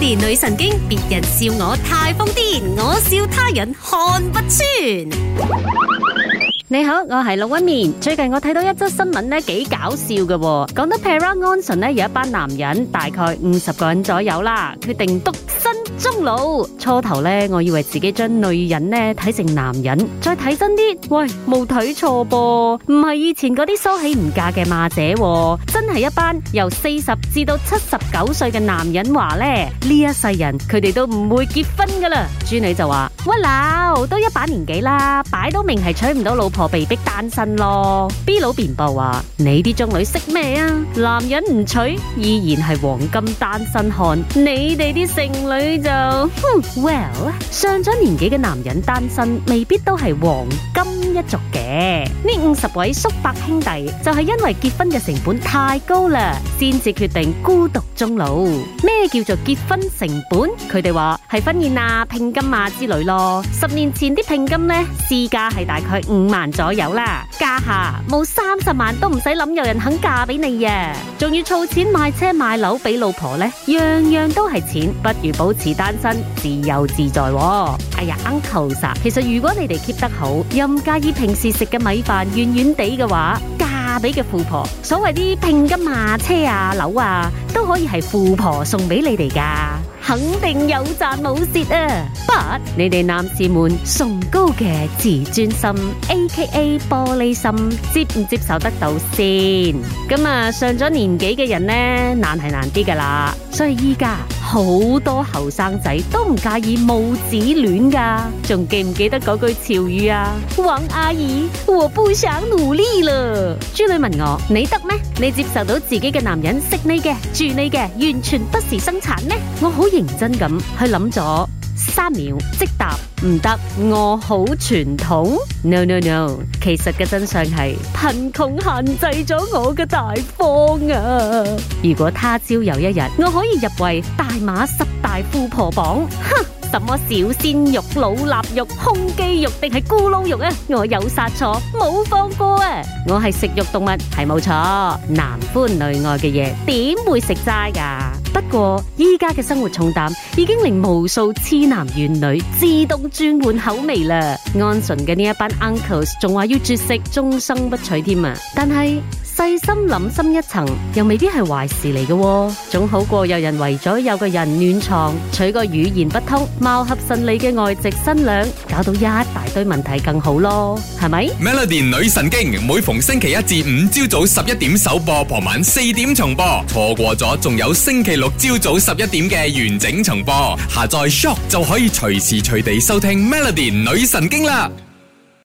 連女神經，別人笑我太瘋癲，我笑他人看不穿。你好，我係龍紋敏。最近我睇到一則新聞呢幾搞笑嘅，講到 Para Anson 咧，有一班男人，大概五十個人左右啦，決定獨身。中老初頭呢，我以為自己將女人呢睇成男人，再睇真啲，喂冇睇錯噃，唔係以前嗰啲收起唔嫁嘅媽姐，真係一班由四十至到七十九歲嘅男人話呢，呢一世人佢哋都唔會結婚噶啦。豬女就話：，喂老都一把年紀啦，擺到明係娶唔到老婆，被迫單身咯。B 佬辯駁話：，你啲中女識咩啊？男人唔娶依然係黃金單身漢，你哋啲剩女就。哼 No .，Well，上咗年紀嘅男人單身未必都係黃金一族嘅。呢五十位叔伯兄弟就係、是，因為結婚嘅成本太高啦，先至決定孤獨終老。咩叫做結婚成本？佢哋話係婚宴啊、聘金啊之類咯。十年前啲聘金呢，市價係大概五萬左右啦。家下冇三十萬都唔使諗有人肯嫁俾你呀，啊，仲要儲錢買車買樓俾老婆呢，樣樣都係錢，不如保持。單身自由自在喎，哎呀，硬求實。其實如果你哋 keep 得好，又唔介意平時食嘅米飯軟軟地嘅話，嫁俾個富婆，所謂啲聘金啊、車啊、樓啊，都可以係富婆送俾你哋噶，肯定有賺冇蝕啊！But，你哋男士們崇高嘅自尊心 （A.K.A. 玻璃心）接唔接受得到先？咁啊，上咗年紀嘅人呢，難係難啲噶啦，所以依家，好多後生仔都唔介意母子戀㗎，仲記唔記得嗰句潮語啊？王阿姨，我不想努力啦。朱女問我，你得咩？你接受到自己嘅男人食你嘅、住你嘅，完全不事生產咩？我好認真咁去諗咗。三秒即答唔得，我好傳統。No no no，其實嘅真相係貧窮限制咗我嘅大方啊！如果他朝有一日，我可以入圍大馬十大富婆榜，哼，什麼小鮮肉、老臘肉、胸肌肉定係咕嚕肉啊！我有殺錯，冇放過啊！我係食肉動物，係冇錯，男歡女愛嘅嘢點會食齋噶？不過依家嘅生活重擔已經令無數痴男怨女自動轉換口味啦！安純嘅呢一班 uncles 仲話要絕食終生不娶添啊！但係，細心諗深一層，又未必係壞事嚟嘅。哦，總好過有人為咗有個人暖床，娶個語言不通、貌合神離嘅外籍新娘，搞到一大堆問題更好咯，係咪？Melody 女神經每逢星期一至五朝早十一點首播，傍晚四點重播，錯過咗仲有星期六朝早十一點嘅完整重播，下載 shop 就可以隨時隨地收聽 Melody 女神經啦。